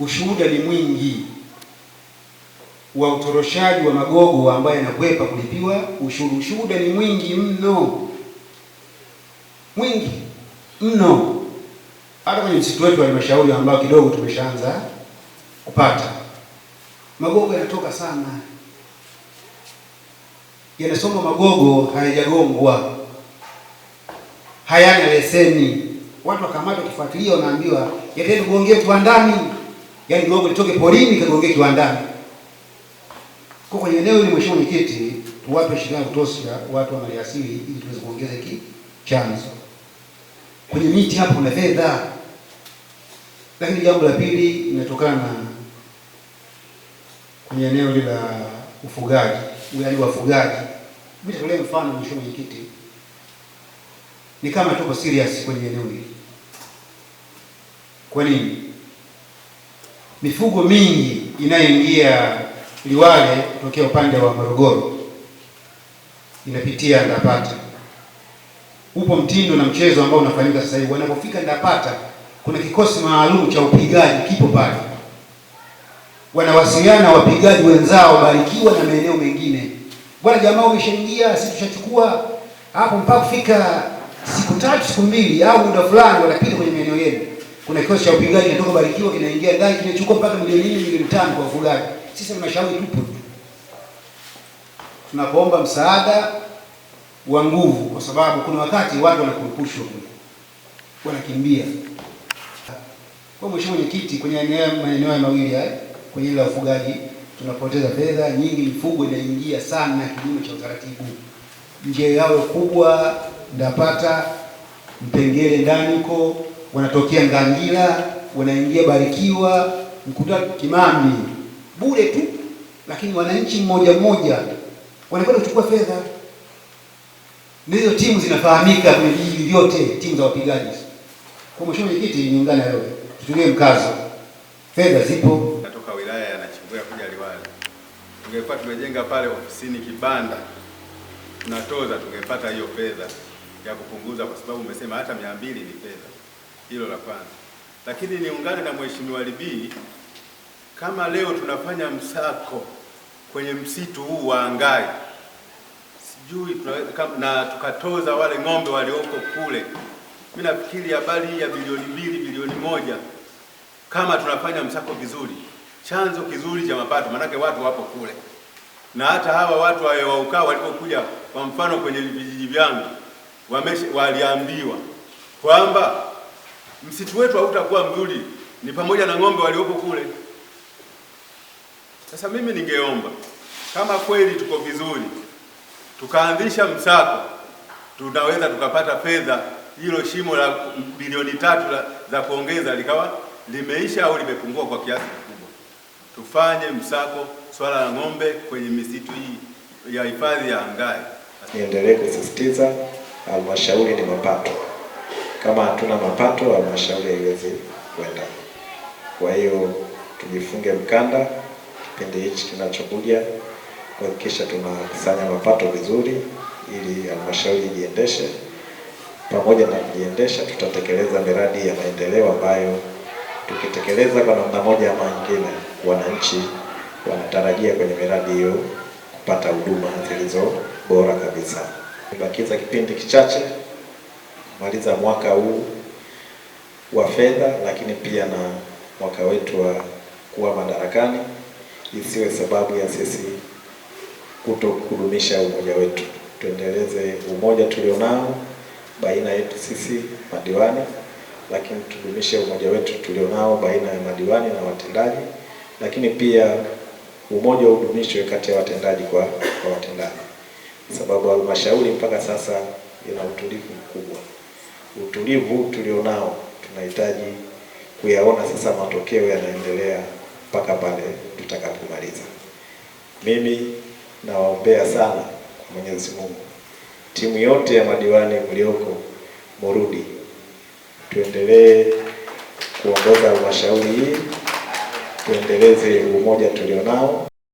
Ushuhuda ni mwingi wa utoroshaji wa magogo ambayo yanakwepa kulipiwa ushuru. Ushuhuda ni mwingi mno, mwingi mno, hata kwenye msitu wetu wa halmashauri ambao kidogo tumeshaanza kupata magogo yanatoka sana, yanasoma magogo hayajagongwa, hayana leseni. Watu wakamata kifuatilia, wanaambiwa yatende kugongea kiwandani yaani kiwango litoke porini kagonge kiwandani. Kwa kwenye eneo hili, mheshimiwa mwenyekiti, tuwape ushirikiano kutosha watu wa maliasili ili tuweze kuongeza hiki chanzo. Kwenye miti hapo kuna fedha, lakini jambo la pili linatokana na kwenye eneo hili la ufugaji, yaani wafugaji. Nitatolea mfano mheshimiwa mwenyekiti, ni kama tuko serious kwenye eneo hili. Kwa nini? mifugo mingi inayoingia Liwale kutokea upande wa Morogoro inapitia Ndapata. Upo mtindo na mchezo ambao unafanyika sasa hivi, wanapofika Ndapata kuna kikosi maalum cha upigaji kipo pale, wanawasiliana wapigaji wenzao Barikiwa na maeneo mengine, bwana jamaa umeshaingia, sisi tushachukua hapo, mpaka kufika siku tatu siku mbili au muda fulani wanapita kwenye maeneo yenu kuna kikosi cha upigaji kinatoka Barikiwa kinaingia ndani kinachukua mpaka milioni nne milioni tano kwa wafugaji. Sisi halmashauri tupo tunapoomba msaada wa nguvu, kwa sababu kuna wakati watu wanakurupushwa wanakimbia. Kwa mheshimiwa mwenyekiti, kwenye maeneo ya mawili haya kwenye ile ufugaji tunapoteza fedha nyingi, mifugo inaingia sana kilimo cha utaratibu, nje yao kubwa ndapata Mpengele ndani huko wanatokea Ngangila, wanaingia Barikiwa, Mkuta, Kimambi bure tu, lakini wananchi mmoja mmoja wanakwenda kuchukua fedha. Ndizo timu zinafahamika kwenye vijiji vyote, timu za wapigaji. Kwa mheshimiwa mwenyekiti, niungane leo tutumie mkazo, fedha zipo. Natoka wilaya ya Nachingwea kuja Liwale, tungekuwa tumejenga pale ofisini kibanda tunatoza, tungepata hiyo fedha ya kupunguza, kwa sababu umesema hata mia mbili ni fedha. Hilo la kwanza, lakini niungane na mheshimiwa Libi, kama leo tunafanya msako kwenye msitu huu wa Hangayi sijui na tukatoza wale ng'ombe walioko kule, mimi nafikiri habari ya bilioni mbili bilioni moja kama tunafanya msako vizuri, chanzo kizuri cha mapato, maanake watu wapo kule na hata hawa watu wawaukaa walipokuja, kwa mfano kwenye vijiji vyangu wameshe, waliambiwa kwamba msitu wetu hautakuwa mzuri, ni pamoja na ng'ombe waliopo kule. Sasa mimi ningeomba kama kweli tuko vizuri, tukaanzisha msako, tunaweza tukapata fedha, hilo shimo la bilioni tatu la, za kuongeza likawa limeisha au limepungua kwa kiasi kikubwa. Tufanye msako swala la ng'ombe kwenye misitu hii ya hifadhi ya Hangae. Niendelee kusisitiza halmashauri ni mapato. Kama hatuna mapato, halmashauri haiwezi kwenda. Kwa hiyo tujifunge mkanda kipindi hichi kinachokuja kuhakikisha tunakusanya mapato vizuri, ili halmashauri ijiendeshe. Pamoja na kujiendesha, tutatekeleza miradi ya maendeleo ambayo tukitekeleza kwa namna moja ama nyingine, wananchi wanatarajia kwenye miradi hiyo kupata huduma zilizo bora kabisa. Tumebakiza kipindi kichache kumaliza mwaka huu wa fedha, lakini pia na mwaka wetu wa kuwa madarakani, isiwe sababu ya sisi kuto kudumisha umoja wetu. Tuendeleze umoja tulionao baina yetu sisi madiwani, lakini tudumishe umoja wetu tulionao baina ya madiwani na watendaji, lakini pia umoja udumishwe kati ya watendaji kwa, kwa watendaji sababu halmashauri mpaka sasa ina utulivu mkubwa. Utulivu tulionao tunahitaji kuyaona sasa matokeo yanaendelea mpaka pale tutakapomaliza. Mimi nawaombea sana kwa Mwenyezi Mungu, timu yote ya madiwani mlioko murudi, tuendelee kuongoza halmashauri hii, tuendeleze umoja tulionao.